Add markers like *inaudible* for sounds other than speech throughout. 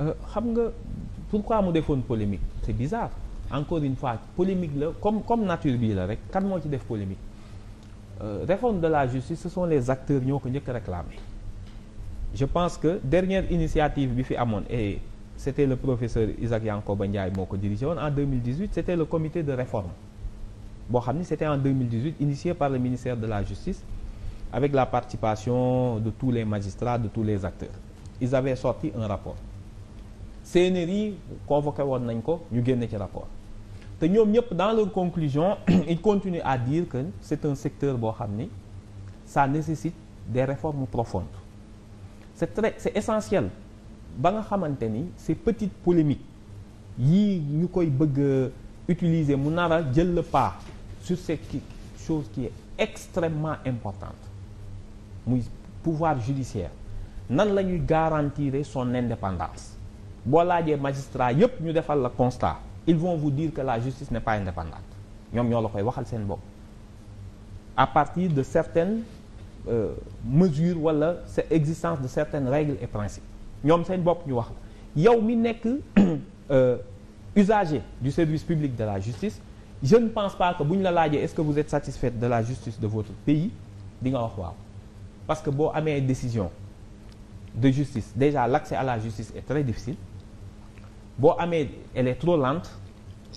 Euh, xam nga pourquoi mu defoon polémique c'est bizarre encore une fois polémique la comme comme nature bii la rek kan moo ci def polémique euh, réforme de la justice ce sont les acteurs ñoo ko njëkk a réclamer je pense que dernière initiative bi fi amoon et c'était le professeur Isaac Yankoba Ndiaye moo ko dirigé woon en 2018 c'était le comité de réforme boo xam ni c'était en 2018 initié par le ministère de la justice avec la participation de tous les magistrats de tous les acteurs ils avaient un rapport CNRI convoqué woon nañ ko ñu génne ci rapport te ñoom ñëpp dans leur conclusion *clears throat* ils continuent à dire que c'est un secteur boo xam ni ça nécessite des réformes profondes c'est très c'est essentiel ba nga xamante ni ces petites polémiques yii ñu koy bëgg utiliser mu nar a jël le pas sur cette chose qui est extrêmement importante muy pouvoir judiciaire nan la ñuy garantir son indépendance boo laajee magistrat yépp ñu defal la constat ils vont vous dire que la justice n'est pas indépendante ñoom ñoo la koy waxal seen bopp à partir de certaines euh, mesures wala sa existence de certaines règles et principes ñoom seen bopp ñu wax la yow mi nekk *coughs* euh, usager du service public de la justice je ne pense pas que bu ñu la laajee est-ce que vous êtes satisfaite de la justice de votre pays di nga wax waaw parce que boo amee décision de justice déjà l'accès à la justice est très difficile boo amee elle est trop lente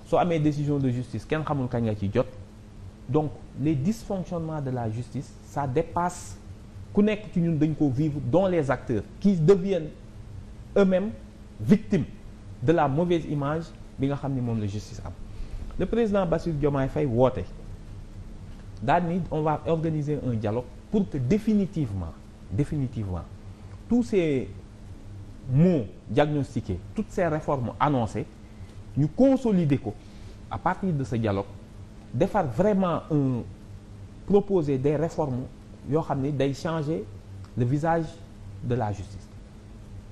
soo amee décision de justice kenn xamul kañ nga ci jot donc les dysfonctionnements de la justice ça dépasse ku nekk ci ñun dañ ko vivre dont les acteurs qui deviennent eux-mêmes victimes de la mauvaise image bi nga xam ni moom la justice am le président Bassirou Diomaye fay woote daal ni on va organiser un dialogue pour que définitivement définitivement tous ces mots diagnostiqués toutes ces réformes annoncées ñu consolider ko à partir de ce dialogue defar vraiment un proposer des réformes yoo xam ni day changer le visage de la justice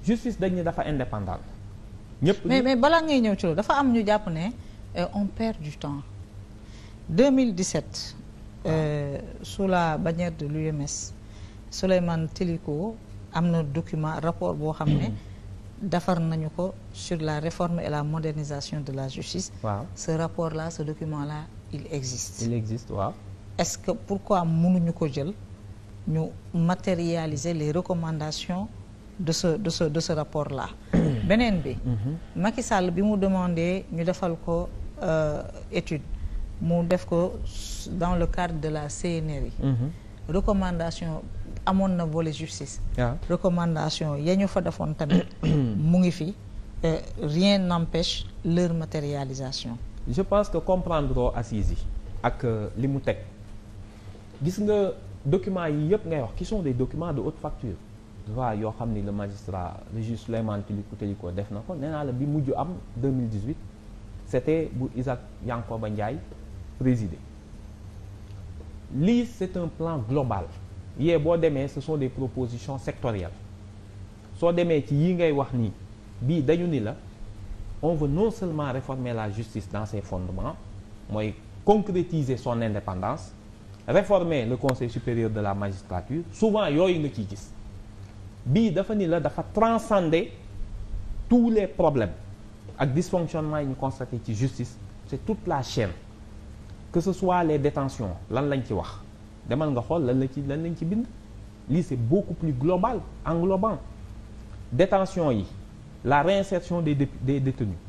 justice dañ ne dafa indépendant ñëpp mais mais balaa ngay ñëw ci loolu dafa am ñu jàpp ne euh, on perd du temps 2017. Euh, ah. sous la bannière de l'UMS Souleymane Téliko am na document rapport boo xam ne defar nañu ko sur la réforme et la modernisation de la justice waaw ce rapport là ce document là il existe il waaw est-ce que pourquoi munuñu ko jël ñu matérialiser les recommandations de ce de ce de ce rapport là *coughs* beneen bi mhm. Macky Sall bi mu demandé ñu defal ko euh, étude mu def ko dans le cadre de la CNRI. Mhm. recommandation amoon na volet justice yeah. recommandation ya ñu fa defoon tamit *coughs* mu ngi fi rien n'empêche leur matérialisation je pense que comprendre assise yi ak euh, li mu teg gis nga documents yi yëpp ngay wax qui sont des documents de haute facture droit yoo xam ni le magistrat le juge Souleymane Téliko Téliko def na ko nee naa la bi mujj am 2018 c'était bu Isaac ba Ndiaye présidé lii c'est un plan global yee boo demee ce sont des proposition sectorielles soo demee ci yi ngay wax nii bii dañu ni la on veut non seulement réformer la justice dans ses fondements mooy concrétiser son indépendance réformer le conseil supérieur de la magistrature souvent yooyu nga ciy gis bii dafa ni la dafa transcender tous les problèmes ak dysfonctionnement yi ñu constaté ci justice c'est toute la chaine que ce soit les détentions lan lañ ci wax demal nga xool lan la ci lan lañ ci bind lii c'est beaucoup plus global englobant détention yi la réinsertion des des détenus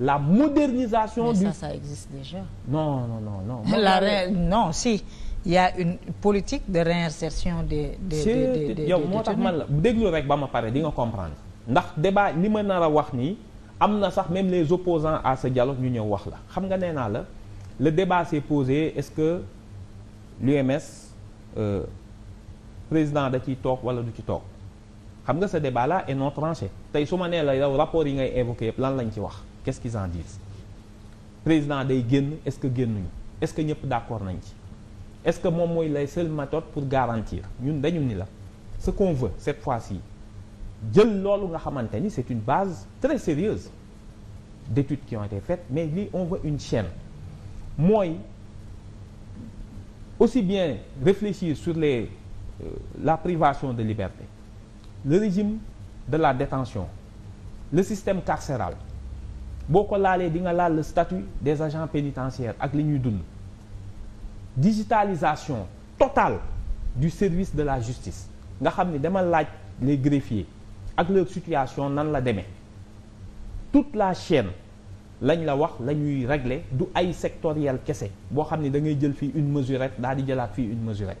la modernisation. Mais du ça ça existe déjà. non non non non. *laughs* Moi, la ré... non si il y une politique de réinsertion des. des des des yow moo tax man la rek ba ma pare di nga comprendre ndax débat li ma nar a wax nii am na sax même les opposants à ce dialogue ñu ñëw wax la xam nga nee naa la le débat s'est posé est-ce que. l'UMS euh, président da ciy toog wala du ci toog xam nga sa débat là est non tranché tey su ma nee la yow rapport yi ngay évoqué yëpp lan lañ ci wax qu'est-ce qu'ils en disent président day génn est-ce que génnuñu est-ce que ñëpp d'accord nañ ci est-ce que moom mooy lay seules méthodes pour garantir ñun dañu ni la ce qu'on veut cette fois-ci jël loolu nga xamante ni c'est une base très sérieuse d'études qui ont été faites mais lii on veut une chaîne mooy aussi bien réfléchir sur les euh, la privation de liberté le régime de la détention le système carcéral boo ko laalee di nga laal le statut des agents pénitentiaires ak li ñuy dund digitalisation totale du service de la justice nga xam ni demal laaj les greffiers ak leur situation nan la demee toute la chaîne lañ la wax la ñuy régler du ay sectoriel kese boo xam ne da ngay jël fii une mesurette daal di jëlaat fii une mesurette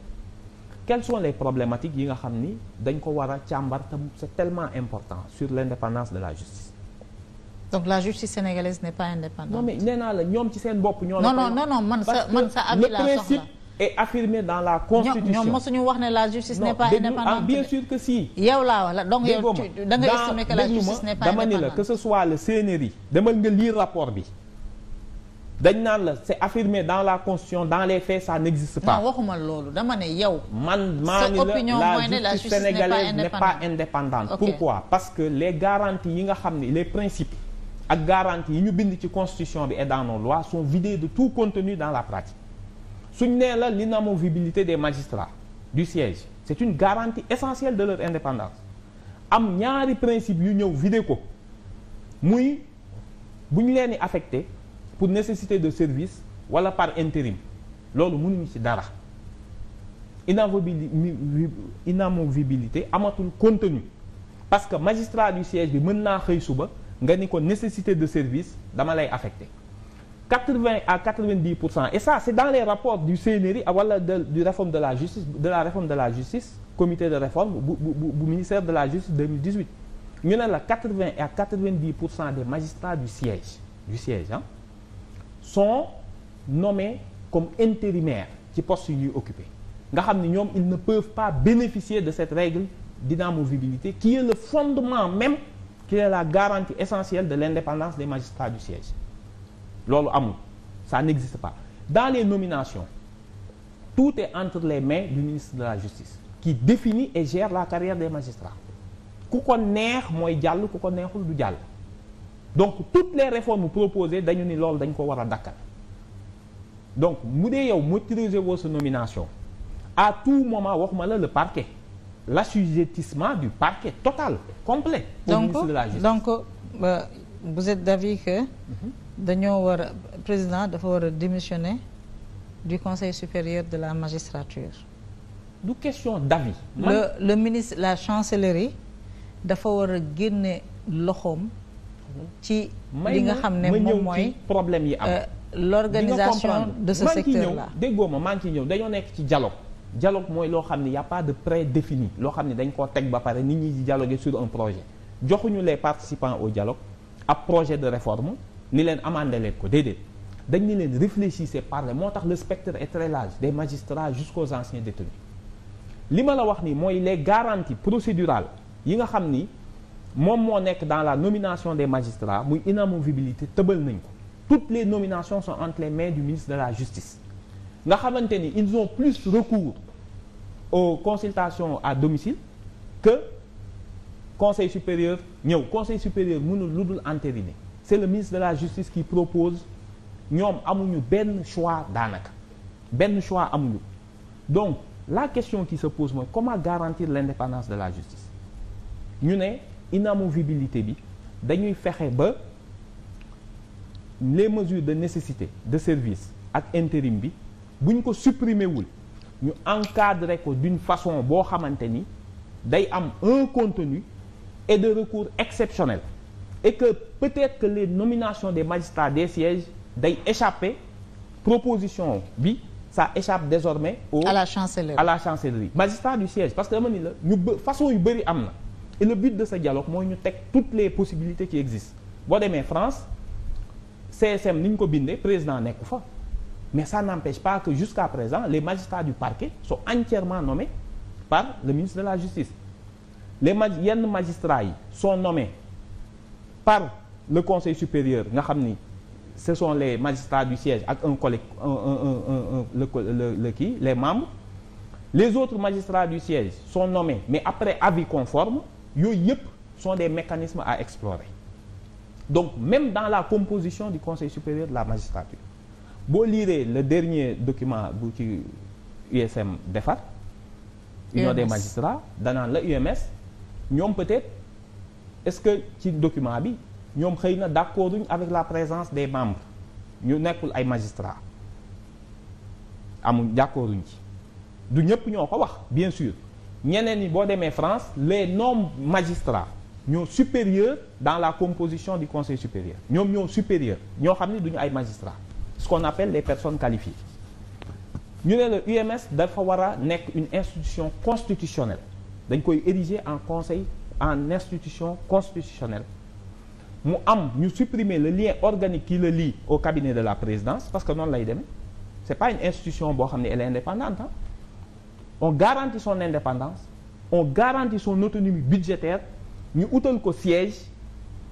quelles sont les problématiques yi nga xam ni dañ ko war a càmbar tam c'est important sur l'indépendance de la justice donc la justice sénégalaise n'est pas indépendante. nee naa la ñoom ci seen bopp. ñoo la non non non man est affirmée dans la constitution. ñoom mosuñu wax ne la justice n'est pas ah, indépendante. bien sûr que si. yow laa wala donc yow da nga estimer la justice n'est pas indépendante dama ni la que ce soit le CNRI demal nga lire rapport bi. dañ naan la c'est affirmé dans la constitution dans les faits ça n'existe pas. non waxuma loolu dama ne yow. man maa ni la la justice sénégalaise n'est pas indépendante. pourquoi parce que les garanties yi nga xam ne les principe ak garanties yi ñu bind ci constitution bi et dans nos lois sont vidées pratique. suñ nee la l'inamovibilité des magistrats du siège c'est une garantie essentielle de leur indépendance am ñaari principe yu ñëw vidé ko muy bu ñu leen di affecté pour nécessité de service wala par intérim loolu mënuñu ci dara inamovibilité amatul contenu parce que magistrat du siège bi mën naa xëy suba nga ni ko nécessité de service dama lay affecté 80 à 90 pour cent et ça c'est dans les rapports du CNRI wala de du réforme de la justice de la réforme de la justice comité de réforme bu bu bu pour cent des magistrats du siège du siège ah sont nommés comme intérimaires ci poste ñuy occupé nga xam ne ñoom ils ne peuvent pas bénéficier de cette règle d'inamovibilité qui est le fondement même qui est la garantie essentielle de l'indépendance des magistrats du siège loolu amul ça n'existe pas dans les nominations tout est entre les mains du ministre de la justice qui définit et gère la carrière des magistrats ku ko neex mooy jàll ku ko neexul du jàll donc toutes les réformes proposées dañu ni loolu dañ ko war a dakkal donc mu dee yow maîtriser woo sa nomination à tout moment waxuma la le parquet l'assujettissement du parquet total complet au donc donc euh, vous êtes d'avis que. Mhm. dañoo war a président dafa war a démissionner du conseil supérieur de la magistrature. du question d'avis. le le ministre la chancellerie dafa war a génne loxoom. ci li nga xam ne moom mooy problème yi am. Euh, l'organisation de ce secteur là déggoo ma maa ngi ciy ñëw dañoo nekk ci dialogue. dialogue mooy loo xam ne y a pas de prédéfini loo xam ne dañ koo teg ba pare nit ñi di dialoguer sur un projet joxuñu les participants au dialogue ab projet de réforme. ni leen amandé leen ko déedéet dañ ni leen réfléchissez parlez moo tax le spectre est très large des magistrats jusqu'aux anciens détenus li ma la wax nii mooy les garanties procédurales yi nga xam ni moom moo nekk dans la nomination des magistrats muy inamovibilité tëbal nañ ko toutes les nominations sont entre les mains du ministre de la justice nga xamante ni ils ont plus recours au consultations à domicile que conseil supérieur ñëw conseil sup mënul lu dul entériner c'est le ministre de la justice qui propose ñoom amuñu benn choix daanaka benn choix amuñu donc la question ki se pose mooy comment garantir l'indépendance de la justice ñu ne inamovibilité bi dañuy fexe ba les mesures de nécessité de service ak intérim bi buñ ko supprimer wul ñu encadrer ko d'une façon boo xamante ni day am un contenu et de recours exceptionnel et que peut-être que les nominations des magistrats des sièges day échapper proposition bi sa échappe désormais au à la chancellerie à la chancellerie magistrat du siège parce que dama ni la ñu bë yu bëri am na et le but de ce dialogue mooy ñu teg toutes les possibilités qui existent boo demee France CSM ni ñu ko bindee président nekku fa mais ça n'empêche pas que jusqu'à présent les magistrats du parquet sont entièrement nommés par le ministre de la justice les yenn magistrats yi sont nommés par le conseil supérieur nga xam ni ce sont les magistrats du siège ak un collègue un un un un le le le kii les membres les autres magistrats du siège sont nommés mais après avis conforme yooyu yëpp son des mécanismes à explorer donc même dans la composition du conseil supérieur de la magistrature boo lire le dernier document bu ci USM defar. Union des magistrats danaan la UMS ñoom peut est-ce que ci document bi ñoom xëy na d'accord uñ avec la présence des membres ñu nekkul ay magistrats amuñ d'accord uñ ci du ñëpp ñoo ko wax bien sûr ñeneen ñi boo demee France les non magistrats ñoo supérieur dans la composition du conseil supérieur ñoom ñoo supérieur ñoo xam ne du ñu ay magistrats ce qu'on appelle les personnes qualifiées ñu ne le UMS dafa war a nekk une institution constitutionnelle dañ koy ériger en conseil en institution constitutionnelle mu am ñu supprimer le lien organique qui le lii au cabinet de la présidence parce que noonu lay demee c'est pas une institution boo xam ne elle est indépendante hein? on garantit son indépendance on garantit son autonomie budgétaire ñu utal ko siège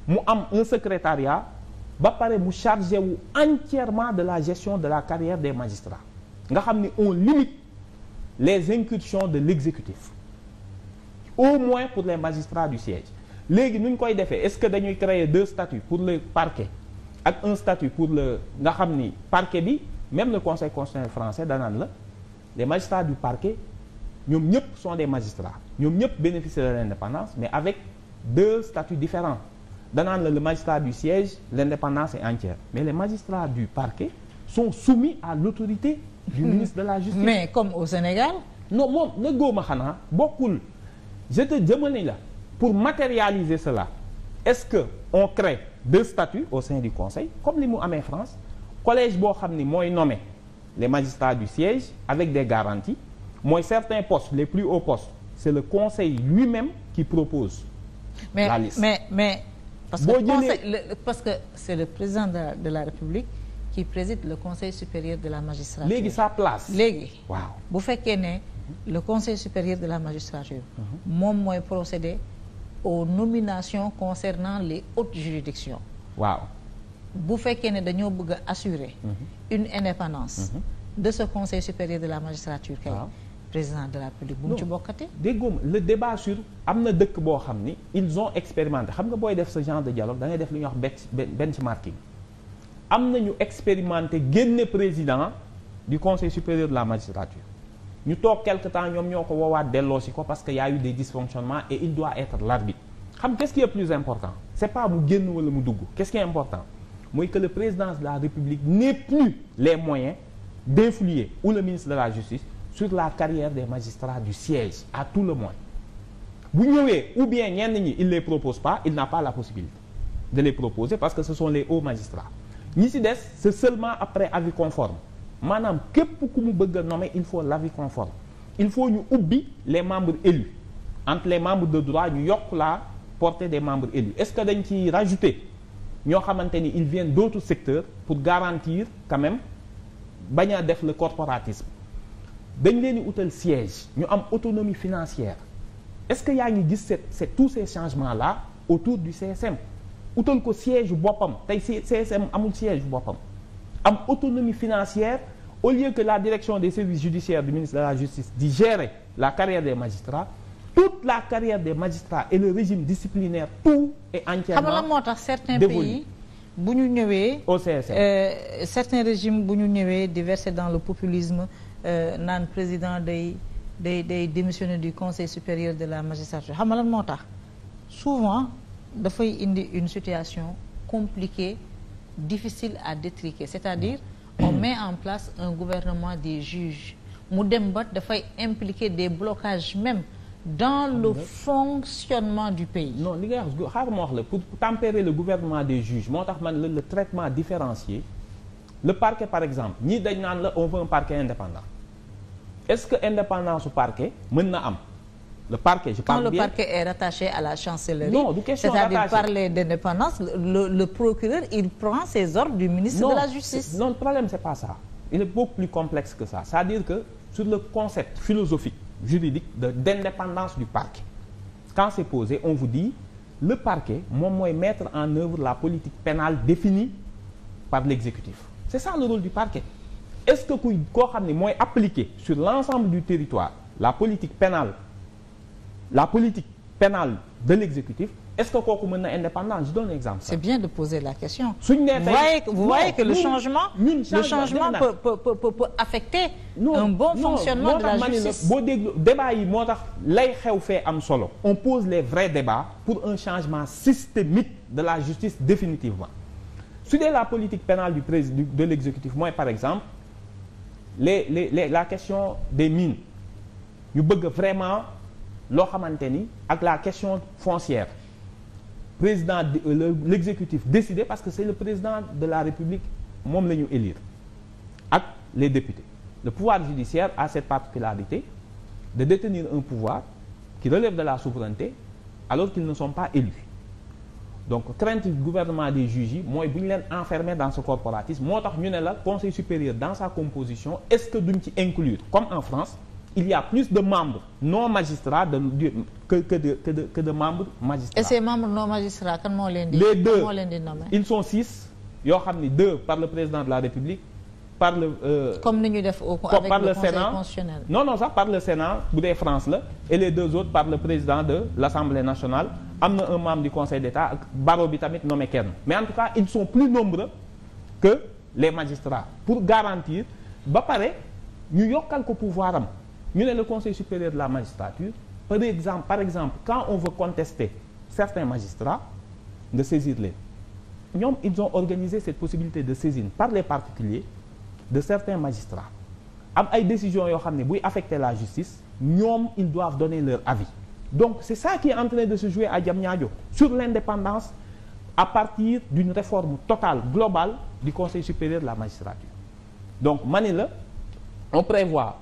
mu am un secrétariat ba pare mu chargé wu entièrement de la gestion de la carrière des magistrats nga xam ni on limite les incursions de l'exécutif au moins pour les magistrats du siège léegi nu ñu koy defee est-ce que dañuy créer deux statuts pour le parquet ak un statut pour le nga xam ni parquet bi même le conseil constitutionnel français danaan la les magistrats du parquet ñoom ñëpp sont des magistrats ñoom ñëpp bénéficient de l'indépendance mais avec deux statuts différents danaan la le magistrat du siège l'indépendance est entière mais les magistrats du parquet sont soumis à l'autorité du hmm. ministre de la justice mais comme au Sénégal non na góoma xanaa bokkul je te demande la pour matérialiser cela est-ce que on crée de statuts au sein du conseil comme li mu amee France collège boo xam ni mooy nommé les magistrats du siège avec des garanties mooy certains postes les plus hauts postes c'est le conseil lui-même ki propose mais, la liste mais mais parce que conseil, parce que c'est le président de la, de la République qui préside le conseil supérieur de la magistrature léegi sa place léegi waaw le conseil supérieur de la magistrature moom mooy procéder aux nominations concernant les hautes juridictions waaw bu fekkee ne dañoo bëgg a une indépendance de ce conseil supérieur de la magistrature kay président de la République bu mu ci bokkate déggoo ma le débat sur am na dëkk boo xam ni ils ont expérimenté xam nga booy def sa genre de dialogue da ngay def lu ñu wax benchmarking am nañu expérimenté génne président du conseil supérieur la magistrature ñu toog quelque temps ñoom ñoo ko woowaat delloo ko parce que y a eu des dysfonctionnements et il doit être l'arbitre xam qu'est-ce qui est plus important c'est pas mu génn wala mu dugg qu'est-ce qui est important mooy que le président de la République n'ait plus les moyens d'influer ou le ministre de la Justice sur la carrière des magistrats du siège à tout le moins bu ñëwee ou bien ñenn ñi il les propose pas il n'a pas la possibilité de les proposer parce que ce sont les hauts magistrats ñi ci des c'est seulement après maanaam képp ku mu bëgg a nommer il faut l'avis conforme il faut ñu ubbi les membres élus entre les membres de droit ñu yokk la portée des membres élus est-ce que dañ ci rajouté ñoo xamante ni ils viennent d'autres secteurs pour garantir quand même bañ a def le corporatisme dañ leen di utal siège ñu am autonomie financière est-ce que yaa ngi gis c'est c'est tous ces changement là autour du CSM utal ko siège boppam tey CSM amul siège boppam am autonomie financière au lieu que la direction des services judiciaires du ministre de la justice di gérer la carrière des magistrats toute la carrière des magistrats et le régime disciplinaire tout est entièrement xam nga moo tax certains pays bu ñu ñëwee au CSM euh, certains régimes bu ñu ñëwee di dans le populisme euh, naan président de day day démissionner du conseil supérieur de la magistrature xam na lan moo tax souvent dafay indi une situation compliquée difficile à détriquer c'est-à-dire on met en place un gouvernement des juges mu dem ba dafay impliquer des blocages même dans le fonctionnement du pays non li nga wax xaar ma wax la pour tempérer le gouvernement des juges moo tax man la le traitement différencié le parquet par exemple ñii dañ naan la on veut un parquet indépendant est-ce que indépendance su parquet mën na am le parquet je parle bien. est rattaché à la chancellerie. non du question rattaché c'est-à-dire parler d'indépendance le le procureur il prend ses ordres du ministre de la justice. non le problème c'est pas ça il est beaucoup plus complexe que ça c'est-à-dire que sur le concept philosophique juridique de d'indépendance du parquet quand c'est posé on vous dit le parquet moom mooy mettre en œuvre la politique pénale définie par l'exécutif c'est ça le rôle du parquet est-ce que kuy koo xam ne mooy appliquer sur l'ensemble du territoire la politique pénale la politique pénale de l'exécutif est-ce que kooku mën na indépendant je donne un exemple. c'est bien de poser la question. suñu nee tey vous voyez que le changement. le changement bon fonctionnement de la justice boo déglu débat yi moo tax lay xew fee am solo. on pose les vrais débats pour un changement systémique de la justice définitivement su dee la politique pénale du président de l'exécutif mooy par exemple les les les la question des mines ñu bëgg vraiment. loo xamante ni ak la question foncière président de euh, l'exécutif décidé parce que c'est le président de la République mom la ñu élire ak les députés le pouvoir judiciaire a cette particularité de détenir un pouvoir qui relève de la souveraineté alors qu'ils ne sont pas élus donc crainte du gouvernement des juges yi mooy bu ñu leen enfermer dans ce corporatisme moo tax ñu ne la conseil supérieur dans sa composition est-ce que duñ ci inclure comme en France il y a plus de membres non magistrats de que que de que de, que de membres magistrats. et ces membres non magistrats kan moo leen di. les ils sont six yoo xam ni deux par le président de la République par le. Euh, comme ni ñu def au avec par le, le conseil Sénat. non non par le Sénat bu dee France la e les deux autres par le président de l'Assemblée nationale am na un membre du Conseil d'État ak barreau bi tamit nommé kenn mais en tout cas ils sont plus nombreux que les magistrats pour garantir ba pare ñu yokkal ko pouvoir ñu ne le conseil supérieur de la magistrature par exemple par exemple quand on veut contester certains magistrats nga saisir leen ñoom ils ont organisé cette possibilité de saisine par les particuliers de certains magistrats am ay décisions yoo xam ne buy affecter la justice ñoom ils doivent donner leur avis donc c'est ça qui est de se jouer à Diamniadio sur l'indépendance à partir d'une réforme totale globale du Conseil supérieur de la magistrature donc ma ne la on prévoit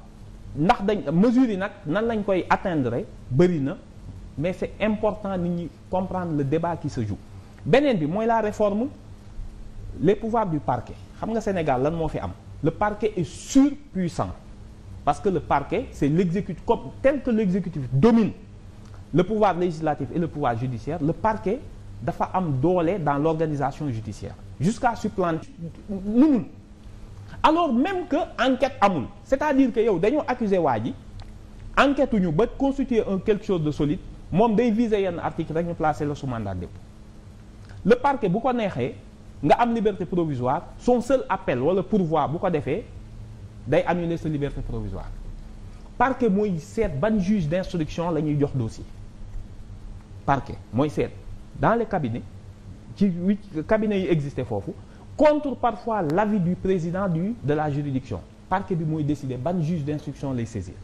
ndax dañ mesures nag nan lañ koy atteindre bëri na mais c'est important nit ñi comprendre le débat qui se joue beneen bi mooy la réforme les pouvoirs du parquet xam nga Sénégal lan moo fi am le parquet est surpuissant parce que le parquet c'est l'exécutif comme tel que l'exécutif domine le pouvoir législatif et le pouvoir judiciaire le parquet dafa am doole dans l'organisation judiciaire jusqu'à supplanter mënul alors même que enquête amul c'est-à-dire que yow dañoo accuser waa ji enquête ñu ba constituer un quelque chose de solide moom day viser yenn article rek ñu placer la su mandat de dépôt le parquet bu ko neexee nga am liberté provisoire son seul appel wala pourvoi bu ko defee day annuler sa liberté provisoire parquet mooy seet ban juge d'instruction la ñuy jox dossier parquet mooy seet dans les cabinets ci cabinet yi existé foofu contre parfois l'avis du président du de la juridiction parquet bi mooy décider ban juge d'instruction lay saisir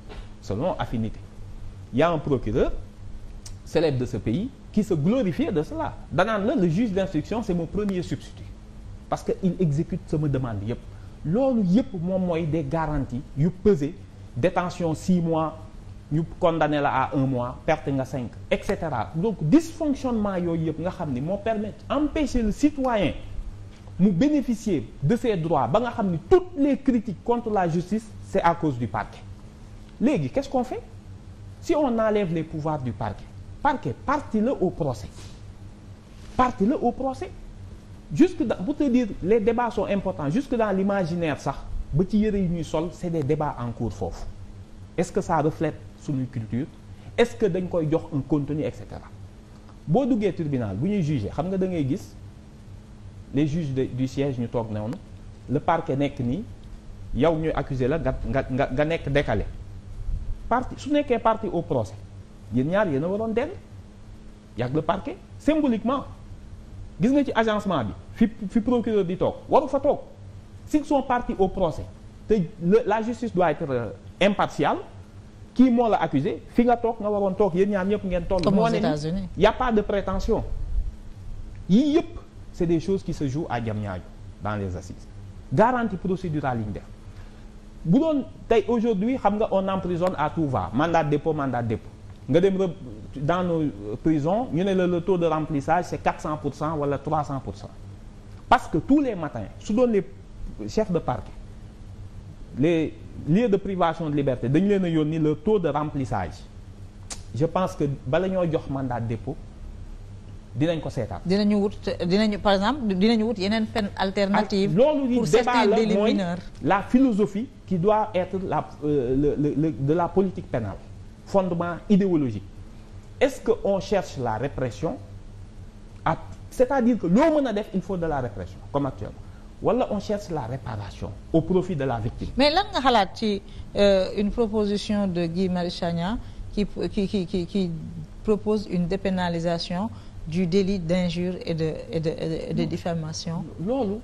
selon affinité il en a un procureur célèbre de ce pays qui se glorifiait de cela danaan la le juge d'instruction c'est mon premier substitut parce que il exécute sama demande yépp loolu yépp moom mooy des garanties yu peser détention six mois ñu condamné la à un mois perte nga cinq et cetera donc dysfonctionnement yooyu yépp nga xam ni moo permettre empêcher le citoyen mu bénéficier de ses droits ba nga xam ni toutes les critiques contre la justice c'est à cause du parquet léegi qu'est-ce qu'on fait si on enlève les pouvoirs du parquet parquet parti la au procès partie la au procès jusque dans pour te dire les débats sont importants jusque dans l'imaginaire sax ba ci yëre yu ñuy sol c'est des débats en cours foofu est-ce que ça reflète suñuy culture est-ce que dañ koy jox un contenu et cetera boo duggee tribunal bu ñuy juger xam nga da ngay gis les juges de, du siège ñu toog noonu le parquet nekk nii yow ñu accusé la nga nga nga nga nekk décalé parti su nekkee parti au procès yéen ñaar yéen a waroon dell yàgg le parquet symboliquement gis nga ci agencement bi fi fi procureur di toog waru fa toog s'ils sont partis au procès te la justice doit être kii euh, moo la accusé fi nga toog nga waroon toog yéen ñaar ñëpp ngeen toll. moo ne y' a pas de prétention yii yëpp. c'est des choses qui se jouent à Diamniadio dans les assises garantie procédurale yi ñu def bu doon tey aujourd'hui xam nga on emprisonne à tout va mandat de dépôt mandat de dépôt nga dem dans nos euh, prisons ñu ne la le taux de remplissage c'est 400 pour cent wala 300 pour cent parce que tous les matins su doon les chefs de parquet les lieux de privation de liberté dañu leen a yónni le taux de remplissage je pense que bala ñoo jox mandat de dinañ ko seetaan. dinañu wut dinañu par exemple dinañu wut yeneen peine alternative. Ah, loolu pour certains délits mineurs la philosophie qui doit être la euh, le, le, le de la politique pénale fondement idéologique est-ce que on cherche la répression à c'est-à-dire que loo mën a def il faut de la répression comme actuellement wala on cherche la réparation au profit de la victime. mais lan nga xalaat ci euh, une proposition de Guy Marius Sagna qui qui qui qui propose une dépénalisation. du délit d'injure et de et de et de, de loolu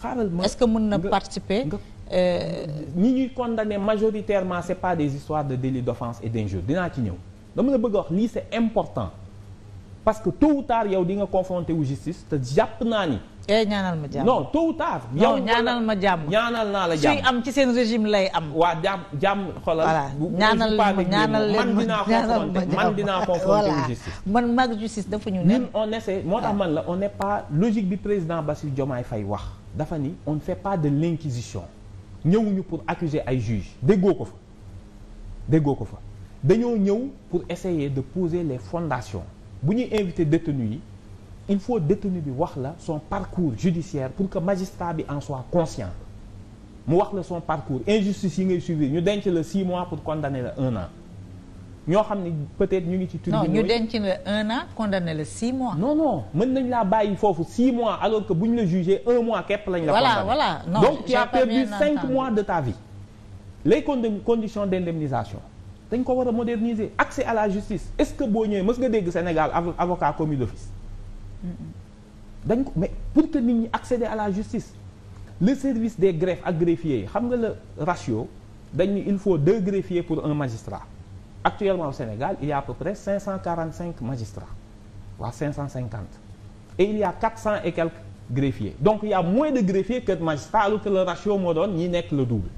xaaral ma est-ce mën na participer. ni euh, ñuy condamné majoritairement c'est pas des histoires de délit d'offense et d'injure dinaa ci ñëw dama la bëgg a wax lii c'est important parce que tôt ou tard yow di nga confronté wu justice te jàpp naa ni. eh ñaanal ma jàmm non tôt ou tard. yow ñaanal ma jàmm ñaanal naa la jàmm suy am ci seen régime lay am. waa jàmm jàmm xoolal. ñaanal ma ñaanal leen man dinaa confronter man justice. man mag justice dafa ñu ne. moo tax ah. man la on ne pas logique bi président Bassirou Diomaye fay wax. dafa ni on ne fait pas de l'inquisition ñëwuñu pour accuser ay juges déggoo ko fa déggoo ko fa dañoo ñëw pour essayer de poser les fondations bu ñuy invité détenus yi. il faut détenu bi wax la son parcours judiciaire pour que magistrat bi en soit conscient mu wax la son parcours injustice yi ngay suivre ñu denc la 6 mois pour condamner la 1 an ñoo xam ni peut-être ñu ngi ci tribunal non ñu denc la 1 an condamné la 6 mois. non no mën nañ laa bàyyi foofu 6 mois alors que bu ñu la jugé 1 mois képp lañ la. voilà voilà non donc tu as perdu 5 mois de ta vie. les conditions d'indemnisation dañ ko war a moderniser accès à la justice est-ce que boo ñëwee mës nga dégg Sénégal avocat commis d'office dañ ko mais pour que nit ñi accéder à la justice le service des greffes ak greffiers yi xam nga le ratio dañu il faut deux greffiers pour un magistrat actuellement au Sénégal il y a à peu près 545 magistrats waa 550 et il y a 400 et quelques greffiers donc il y a moins de greffiers que de magistrats alors ratio moo doon ñi nekk le double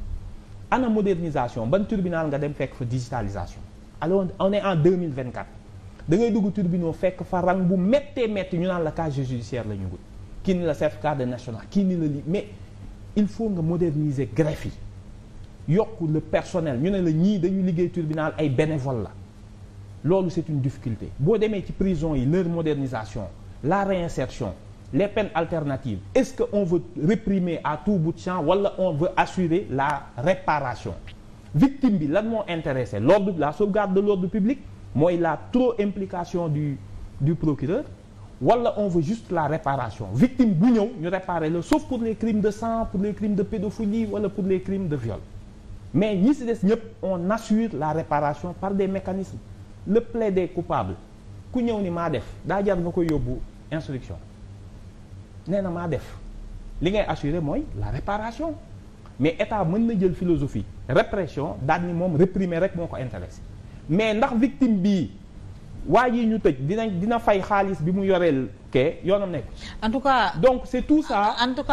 ana modernisation ban tribunal nga dem fekk fa digitalisation alors on est en 2024 da ngay dugg tribunal fekk fa rang bu méttee métti ñu naan la casier judiciaire la ñu wut kii ni la certificat de national kii ni la li mais il faut nga moderniser greffe yi yokk le personnel ñu ne la ñii dañu liggéey tribunal ay bénévole la loolu c'est une difficulté boo demee ci prison yi leur modernisation la réinsertion les peines alternatives est-ce que on veut réprimer à tout bout de wala on veut assurer la réparation victime bi lan moo intéressé l la sauvegarde de l'ordre public mooy la trop implication du du procureur wala on veut juste la réparation victime bu ñëw ñu réparer la sauf pour les crimes de sang pour les crimes de pédophilie wala pour les crimes de viol mais ñi si des ñëpp on assure la réparation par des mécanismes la plaider coupable ku ñëw ni maa def daa nga koy yóbbu instruction nee na maa def li ngay assurer mooy la réparation mais état mën na jël philosophie répression daal ni moom réprimer rek moo ko intéressé mais ndax victime bi waa yi ñu tëj dinañ dina fay xaalis bi mu yoreel kee yoonam nekk en tout cas donc c'est tout ça en tout